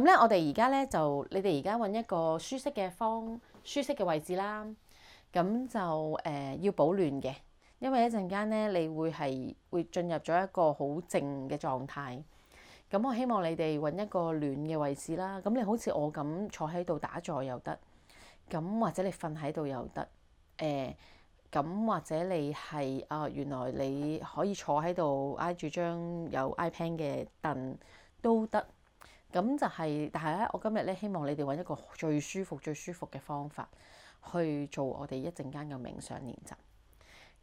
咁咧，我哋而家咧就，你哋而家揾一個舒適嘅方舒適嘅位置啦。咁就誒、呃、要保暖嘅，因為一陣間咧你會係會進入咗一個好靜嘅狀態。咁我希望你哋揾一個暖嘅位置啦。咁你好似我咁坐喺度打坐又得，咁或者你瞓喺度又得。誒、呃，咁或者你係啊、呃，原來你可以坐喺度挨住張有 iPad 嘅凳都得。咁就係、是，但係咧，我今日咧希望你哋揾一個最舒服、最舒服嘅方法去做我哋一陣間嘅冥想練習。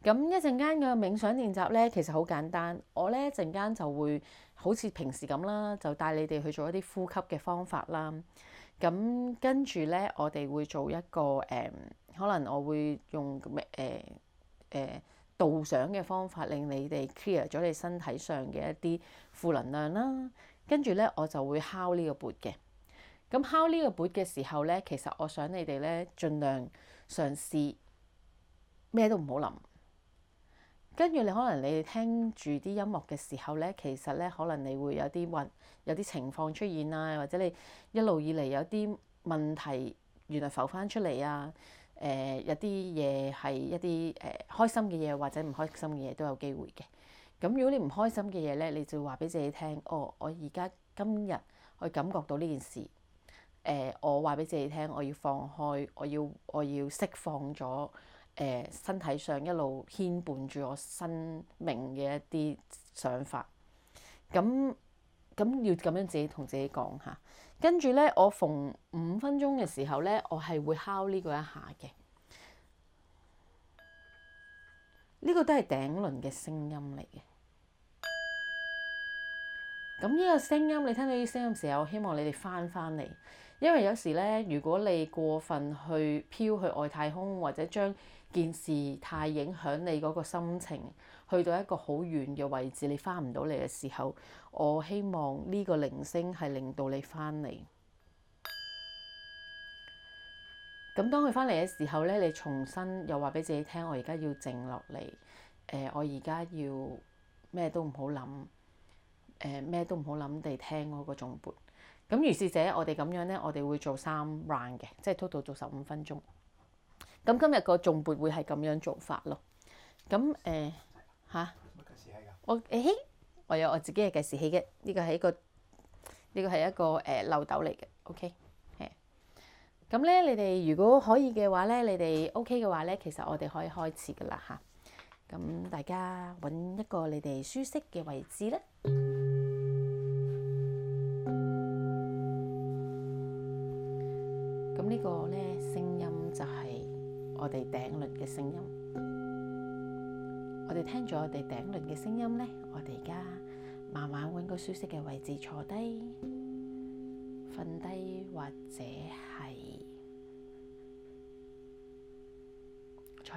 咁一陣間嘅冥想練習咧，其實好簡單。我咧一陣間就會好似平時咁啦，就帶你哋去做一啲呼吸嘅方法啦。咁跟住咧，我哋會做一個誒，可能我會用誒誒、呃呃呃、導想嘅方法，令你哋 clear 咗你身體上嘅一啲負能量啦。跟住咧，我就會敲呢個缽嘅。咁敲呢個缽嘅時候咧，其實我想你哋咧，儘量嘗試咩都唔好諗。跟住你可能你聽住啲音樂嘅時候咧，其實咧可能你會有啲運，有啲情況出現啊，或者你一路以嚟有啲問題，原來浮翻出嚟啊。誒、呃，有啲嘢係一啲誒、呃、開心嘅嘢，或者唔開心嘅嘢都有機會嘅。咁如果你唔開心嘅嘢咧，你就話俾自己聽，哦，我而家今日我感覺到呢件事，誒、呃，我話俾自己聽，我要放開，我要我要釋放咗誒、呃、身體上一路牽絆住我生命嘅一啲想法。咁咁要咁樣自己同自己講下，跟住咧，我逢五分鐘嘅時候咧，我係會敲呢個一下嘅。呢個都係頂輪嘅聲音嚟嘅，咁呢個聲音你聽到啲聲音時候，我希望你哋翻翻嚟，因為有時呢，如果你過分去飄去外太空，或者將件事太影響你嗰個心情，去到一個好遠嘅位置，你翻唔到嚟嘅時候，我希望呢個鈴聲係令到你翻嚟。咁當佢翻嚟嘅時候咧，你重新又話俾自己、呃呃、聽，我而家要靜落嚟，誒，我而家要咩都唔好諗，誒咩都唔好諗地聽嗰個頌缽。咁如是者，我哋咁樣咧，我哋會做三 round 嘅，即係 total 做十五分鐘。咁今日個頌缽會係咁樣做法咯。咁誒嚇，呃啊、我誒，我有我自己嘅計時器嘅，呢個係一個呢個係一個誒漏斗嚟嘅，OK。咁咧，你哋如果可以嘅話咧，你哋 OK 嘅話咧，其實我哋可以開始噶啦吓。咁大家揾一個你哋舒適嘅位置咧。咁呢個咧聲音就係我哋頂輪嘅聲音。我哋聽咗我哋頂輪嘅聲音咧，我哋而家慢慢揾個舒適嘅位置坐低，瞓低或者係。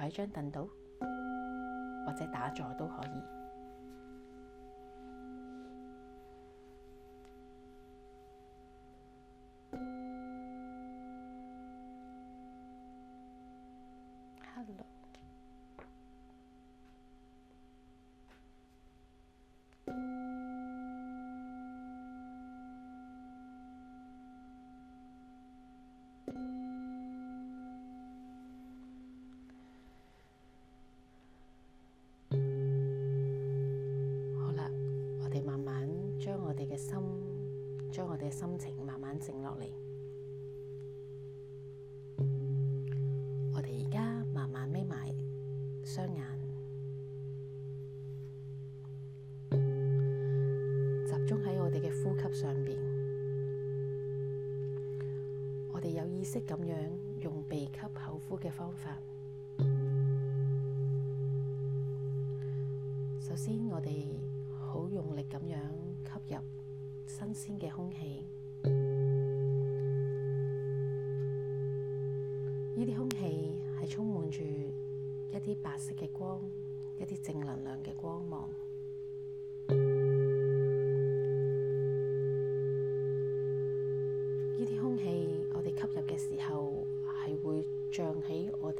坐喺張凳度，或者打坐都可以。將我哋嘅心情慢慢靜落嚟。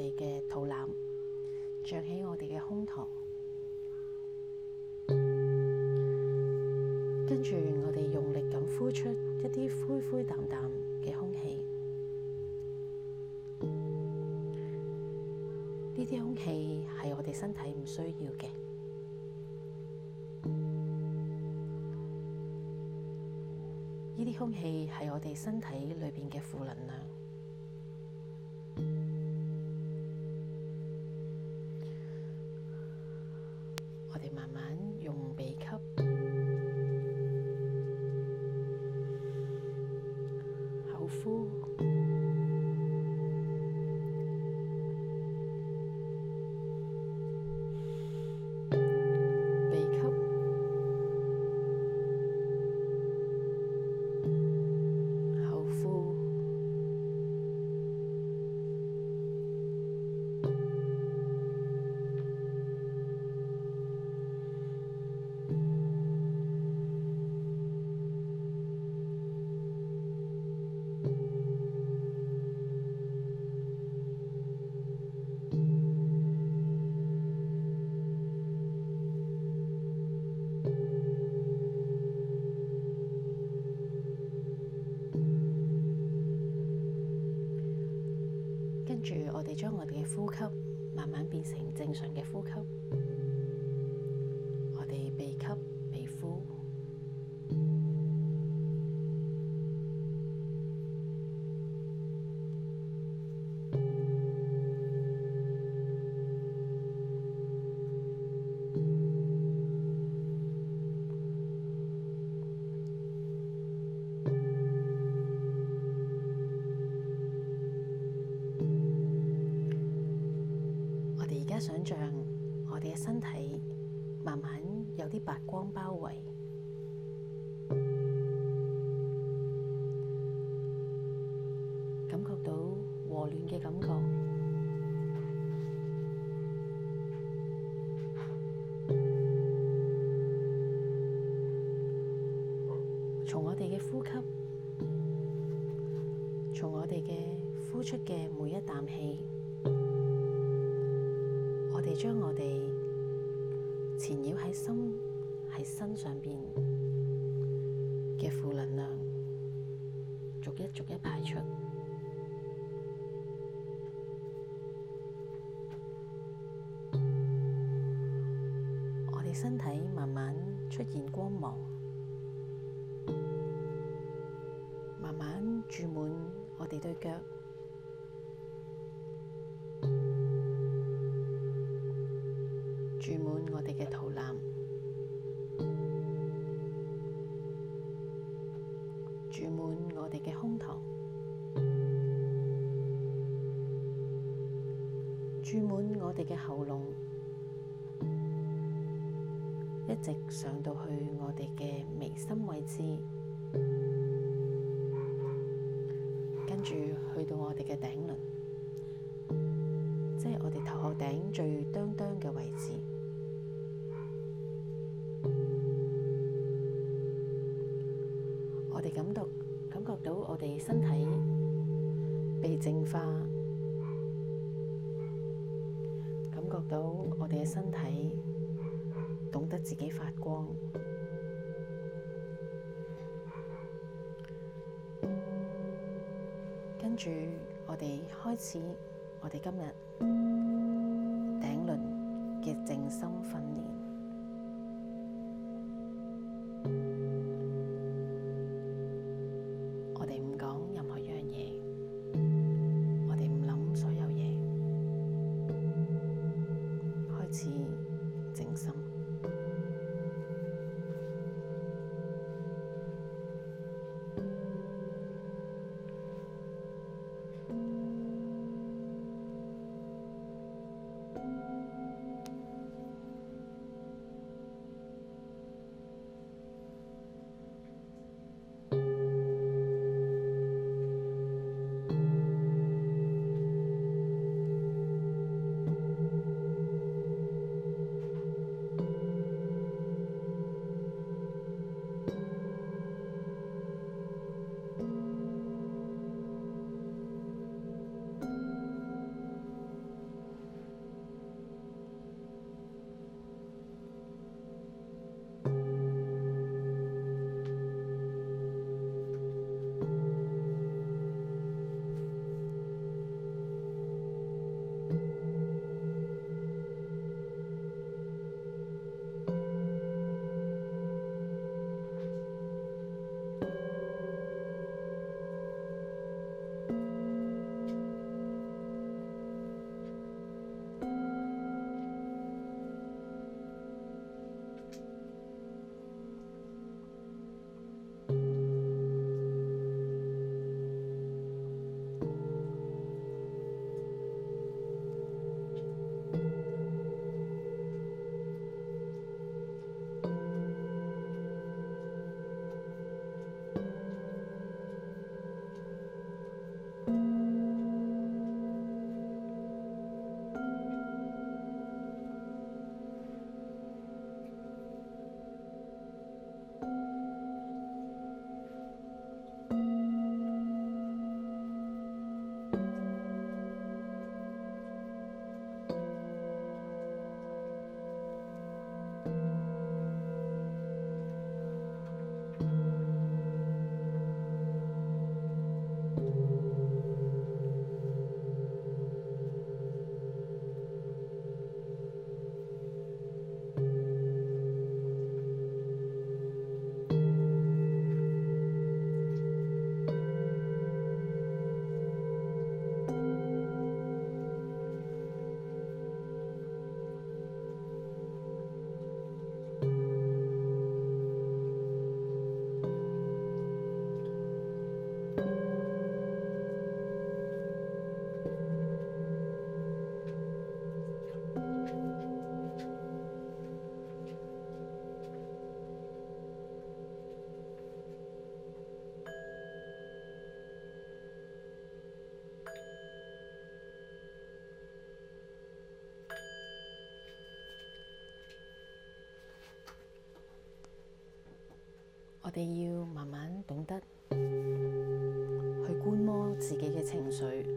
我哋嘅肚腩，着起我哋嘅胸膛，跟住我哋用力咁呼出一啲灰灰淡淡嘅空氣，呢啲空氣係我哋身體唔需要嘅，呢啲空氣係我哋身體裏邊嘅負能量。白光包圍，感覺到和暖嘅感覺。從我哋嘅呼吸，從我哋嘅呼出嘅每一啖氣，我哋將我哋纏繞喺心。喺身上邊嘅負能量，逐一逐一排出。我哋身體慢慢出現光芒，慢慢注滿我哋對腳。嘅喉嚨一直上到去我哋嘅眉心位置，跟住去到我哋嘅頂輪，即係我哋頭殼頂最當當嘅位置。我哋感到感覺到我哋身體被淨化。到我哋嘅身體懂得自己發光，跟住我哋開始，我哋今日。我哋要慢慢懂得去觀摩自己嘅情緒。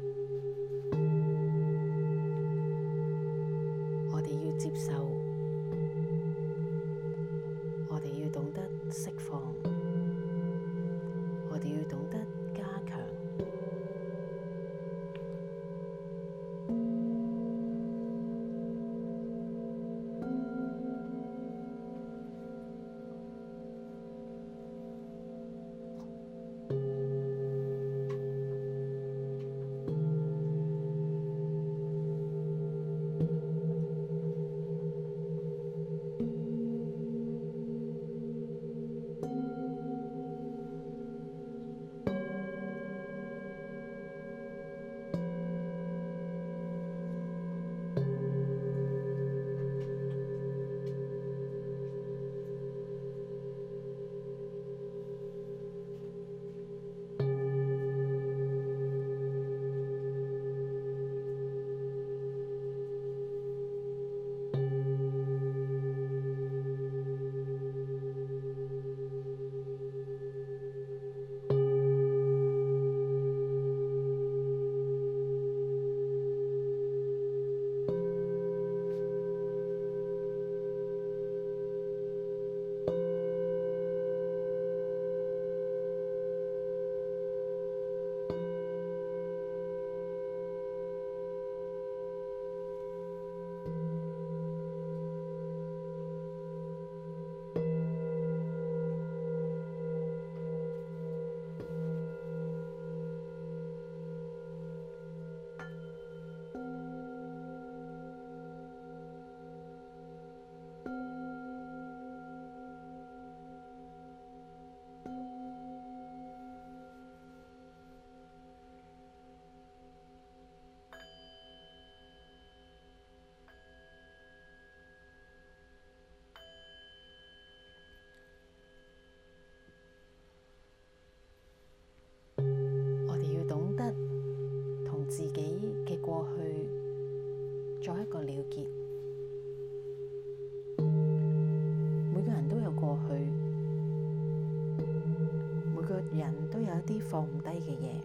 人都有一啲放唔低嘅嘢，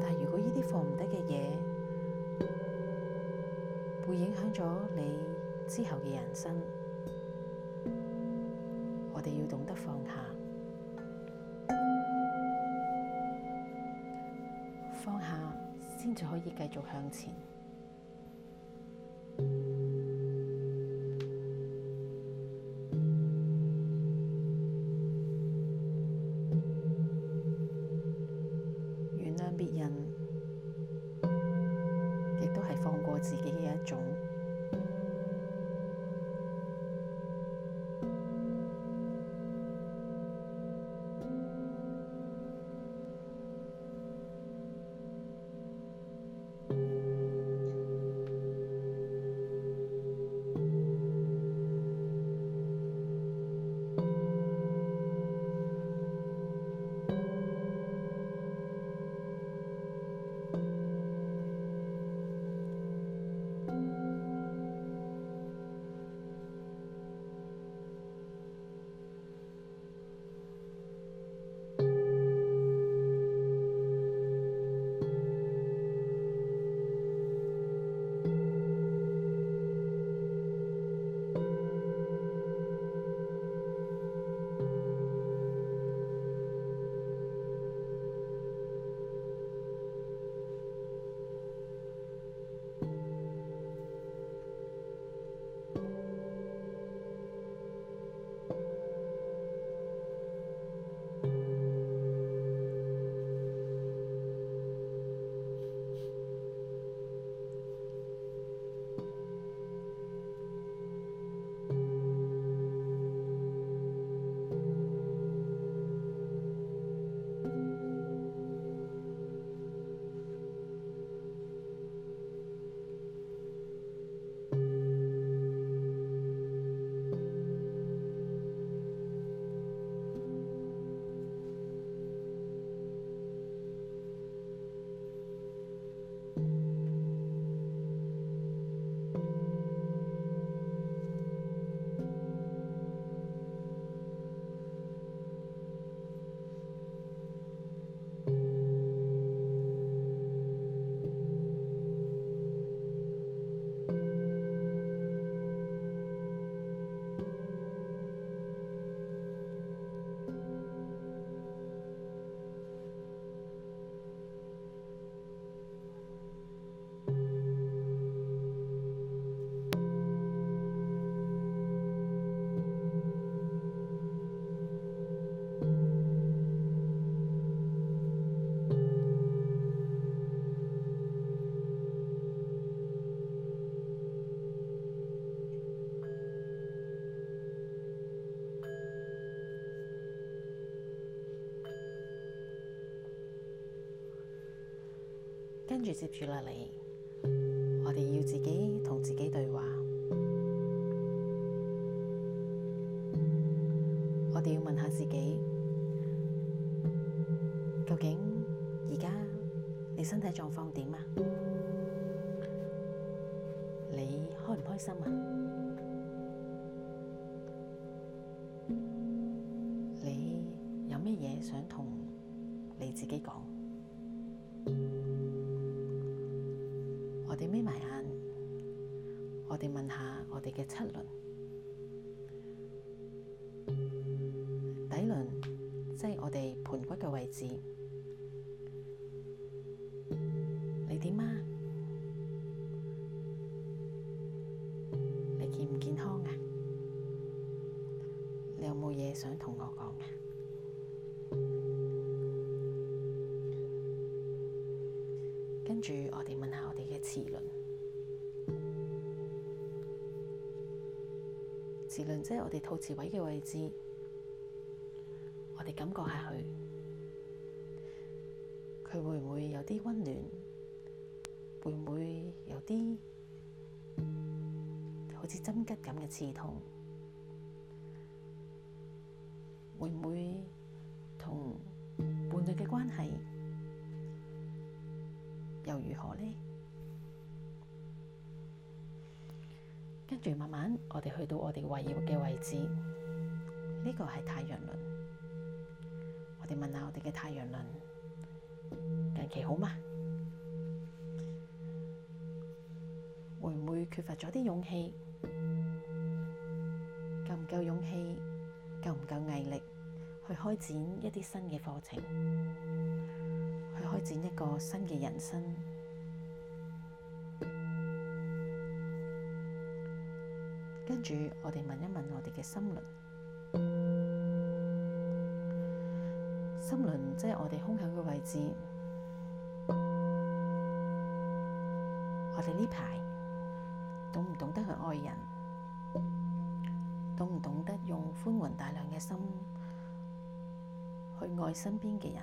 但如果呢啲放唔低嘅嘢，會影響咗你之後嘅人生，我哋要懂得放下，放下先至可以繼續向前。住接住落嚟，我哋要自己同自己對話。我哋要問下自己，究竟而家你身體狀況點啊？你開唔開心啊？你有咩嘢想同你自己講？嘅七輪底輪，即係我哋盤骨嘅位置。臍輪即係我哋肚臍位嘅位置，我哋感覺下佢，佢會唔會有啲溫暖？會唔會有啲好似針灸咁嘅刺痛？會唔會同伴侶嘅關係又如何呢？慢慢，我哋去到我哋圍繞嘅位置，呢、呢個係太陽輪。我哋問下我哋嘅太陽輪，近期好嗎？會唔會缺乏咗啲勇氣？夠唔夠勇氣？夠唔夠毅力去開展一啲新嘅課程？去開展一個新嘅人生？跟住，我哋問一問我哋嘅心輪，心輪即係我哋胸口嘅位置。我哋呢排懂唔懂得去愛人，懂唔懂得用寬宏大量嘅心去愛身邊嘅人？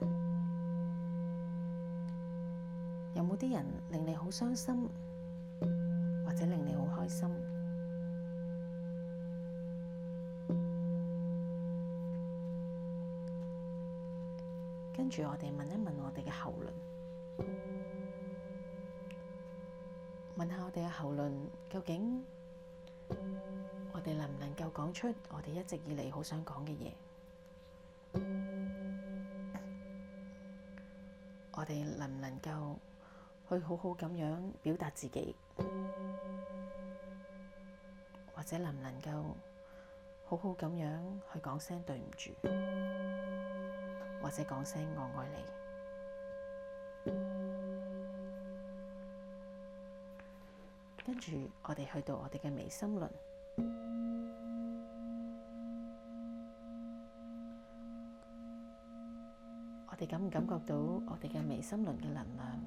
有冇啲人令你好傷心，或者令你好開心？住我哋問一問我哋嘅喉嚨，問下我哋嘅喉嚨，究竟我哋能唔能夠講出我哋一直以嚟好想講嘅嘢？我哋能唔能夠去好好咁樣表達自己，或者能唔能夠好好咁樣去講聲對唔住？或者講聲我愛你，跟住我哋去到我哋嘅眉心輪，我哋感唔感覺到我哋嘅眉心輪嘅能量，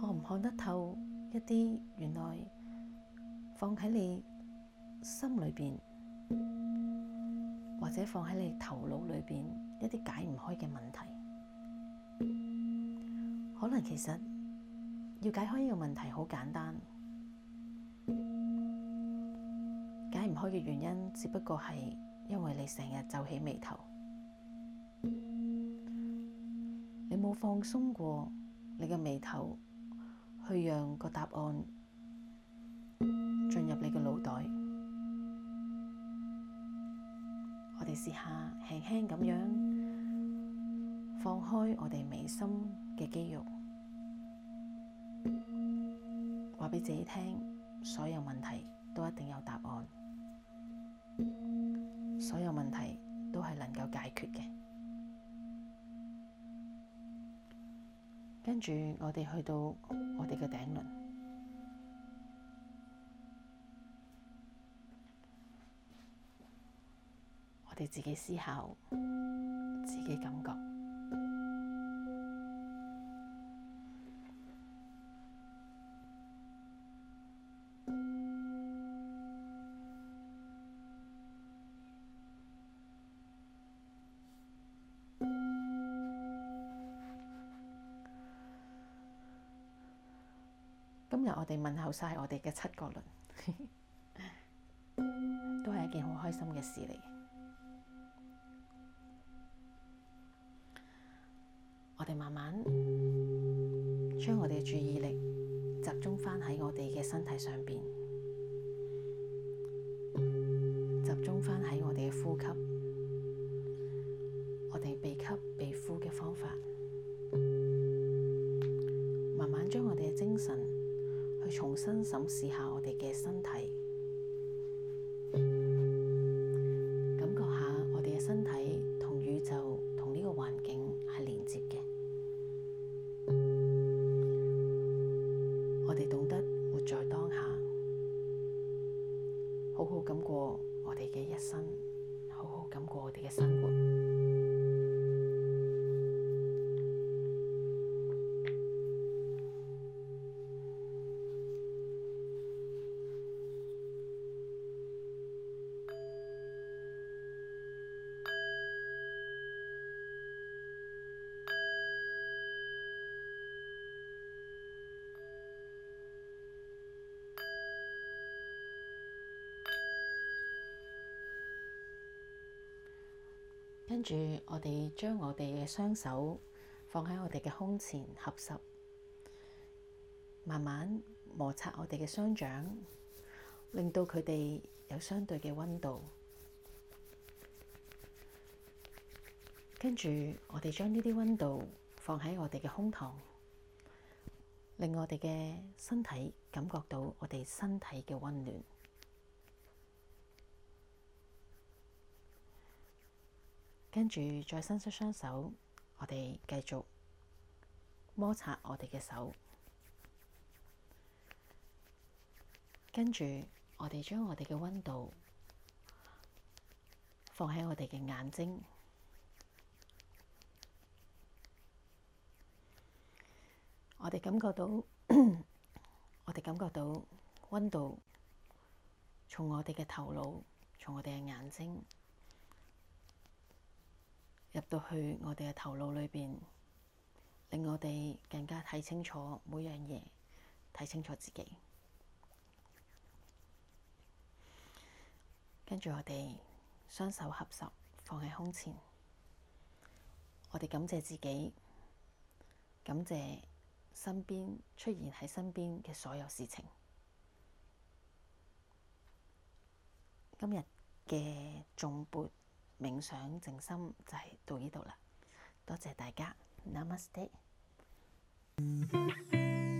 看唔看得透一啲？原來放喺你心裏邊。或者放喺你頭腦裏邊一啲解唔開嘅問題，可能其實要解開呢個問題好簡單，解唔開嘅原因只不過係因為你成日皺起眉頭，你冇放鬆過你嘅眉頭，去讓個答案。輕輕咁樣放開我哋眉心嘅肌肉，話俾自己聽，所有問題都一定有答案，所有問題都係能夠解決嘅。跟住我哋去到我哋嘅頂輪。自己思考，自己感覺。今日我哋問候晒我哋嘅七角輪， 都係一件好開心嘅事嚟。我哋慢慢將我哋嘅注意力集中翻喺我哋嘅身體上邊。跟住，我哋將我哋嘅雙手放喺我哋嘅胸前合十，慢慢摩擦我哋嘅雙掌，令到佢哋有相對嘅溫度。跟住，我哋將呢啲溫度放喺我哋嘅胸膛，令我哋嘅身體感覺到我哋身體嘅溫暖。跟住再伸出雙手，我哋繼續摩擦我哋嘅手。跟住我哋將我哋嘅温度放喺我哋嘅眼睛，我哋感覺到， 我哋感覺到温度從我哋嘅頭腦，從我哋嘅眼睛。入到去我哋嘅頭腦裏邊，令我哋更加睇清楚每樣嘢，睇清楚自己。跟住我哋雙手合十放喺胸前，我哋感謝自己，感謝身邊出現喺身邊嘅所有事情。今日嘅頌缽。冥想靜心就係到呢度啦，多謝大家，Namaste。Nam